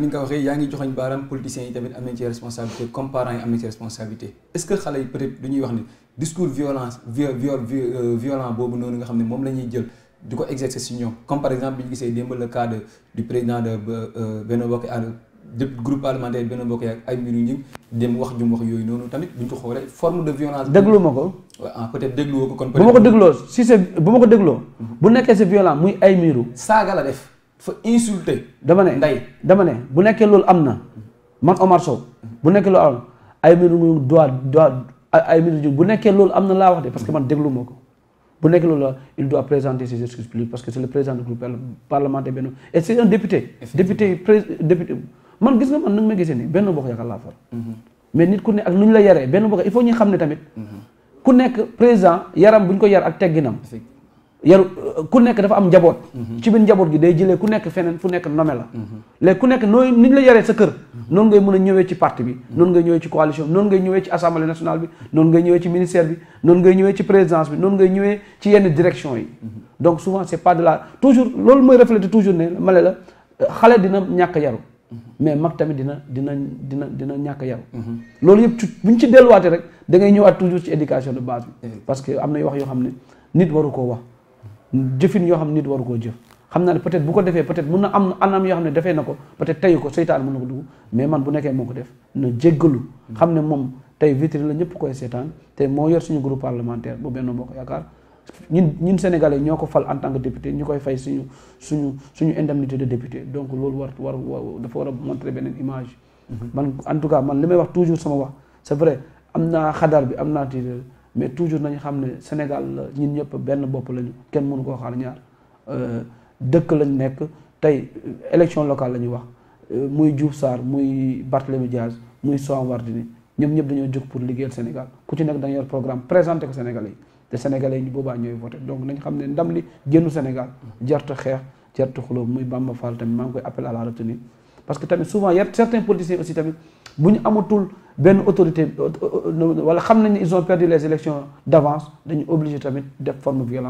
ni nga ko waxee yaa ngi joxoñ baaraam politiciens yi tamit am nañ ci responsabilité comme parents yi am nañ ci responsabilité est-ce que xale yi peut-être du ñuy wax ni discours violence viol euh, violent boobu noonu nga xam ne moom la ñuy jël di ko exercer si ñoom comme par exemple bi ñu gisee démb le cas de du président de euh, euh, Benno Bokk de groupe parlementaire Benno Bokk ak ay mbiru ñing dem wax jum wax yooyu noonu tamit buñ ñu ko xoolee forme de violence. déglu ma ko. waaw ah, peut-être dégluwoo ko kon. bu ma ko dégloo si c'est bu ma ko dégloo. Mhm. bu nekkee c'est violent muy ay miiru. saaga la def. dafa insulté. dama ne ndey dama ne bu nekkee loolu am na man Omar Sow bu nekkee loolu am na ay loolu am na laa wax de parce que man déglu moo ko bu nekkee loolu il doit présenter ses excuses publiques parce que c'est le président du groupe parlementaire Benno et c'est un député. député pré député man gis nga man nu ma gisee nii Benno Bokk Yaakaar laa far. Mhm. mais nit ku ne ak lu ñu la yaree Benno Bokk il faut ñu xam ne tamit. Mhm. ku nekk président yaram bu ñu ko yar ak tegginam. yaru ku nekk dafa am njaboot. Mhm. ci biir njaboot gi day jëlee ku nekk feneen fu nekk nome la. Mhm. léegi ku nekk nooy ni ñu la yoree sa kër. Mhm. noon ngay mën a ñëwee ci parti bi. noon ngay ñëwee ci coalition bi noonu ngay ñëwee ci assemblée nationale bi noonu ngay ñëwee ci ministère bi noonu ngay ñëwee ci présidence bi noonu ngay ñëwee ci yenn direction yi. donc souvent c'est pas de la toujours loolu mooy refléter toujours ne ma la xale dina ñàkk yaru. mais mag tamit dina dina dina dina ñàkk yaru loolu yëpp ci bu ñu ci delluwaatee rek da ngay ñëwaat toujours ci éducation de base eh. parce que am na wax yoo xam ne nit waru koo wax. jëfin yoo xam ne nit waru koo jëf xam naa ne peut-être bu ko defee peut-être mun na am anam yoo xam ne defee na ko peut-être tey ko seytaan mën na ko dugg mais man bu nekkee moo ko def na jéggalu xam ne moom tey vitrine la ñëpp koy seetaan te moo yor suñu groupe parlementaire bu Benno Bokk Yaakaar ñun ñun sénégalais ñoo ko fal en tant que député ñu koy fay suñu suñu suñu indemnité de député donc loolu war war dafa war a montrer beneen image mhm. man en tout cas man li may wax toujours sama wax c'est vrai am naa xadaar naa tiital mais toujours nañu xam ne Sénégal ñun ñëpp benn bopp lañu kenn mënu koo xaar ñaar euh, dëkk lañ nekk tey élection locale la ñuy wax euh, muy Diouf Sarr muy Barthélémy Dias muy son Soham Wardini ñoom ñëpp dañoo jóg pour liggéeyal Sénégal ku ci nekk dañu yor programme présenté ko Sénégalais yi te Sénégalais yi boobaa ñooy voté donc nañ xam ne ndam li génnu Sénégal jarta xeex jarta xuloo muy Bamba Fall tamit maa ngi koy appel à la retenue parce que tamit souvent y a ben autorité ils ont perdu les élections d'avance ils de obligé des formes de violence